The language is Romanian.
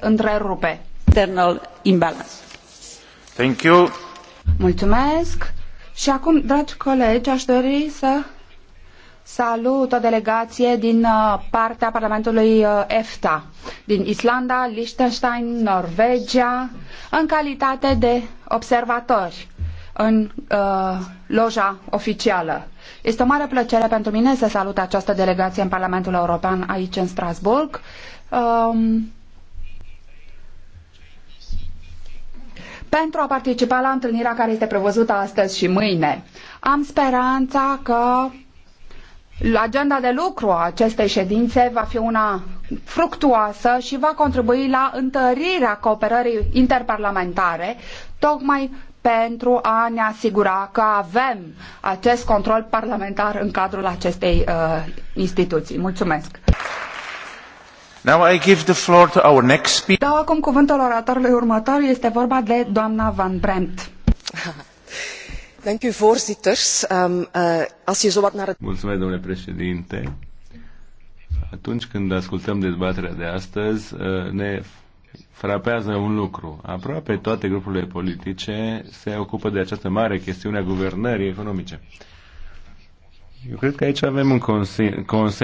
întrerupe. Internal imbalance. Thank you. Mulțumesc. Și acum, dragi colegi, aș dori să salut o delegație din uh, partea Parlamentului uh, EFTA, din Islanda, Liechtenstein, Norvegia, în calitate de observatori în uh, loja oficială. Este o mare plăcere pentru mine să salut această delegație în Parlamentul European aici în Strasburg. Um, pentru a participa la întâlnirea care este prevăzută astăzi și mâine. Am speranța că agenda de lucru a acestei ședințe va fi una fructuoasă și va contribui la întărirea cooperării interparlamentare, tocmai pentru a ne asigura că avem acest control parlamentar în cadrul acestei uh, instituții. Mulțumesc! Now I give the floor to our next speaker. Dau acum cuvântul oratorului următor, este vorba de doamna Van Bremt. voorzitter. Um, uh, als je naar het... Mulțumesc, domnule președinte. Atunci când ascultăm dezbaterea de astăzi, uh, ne frapează un lucru. Aproape toate grupurile politice se ocupă de această mare chestiune a guvernării economice. Eu cred că aici avem un consens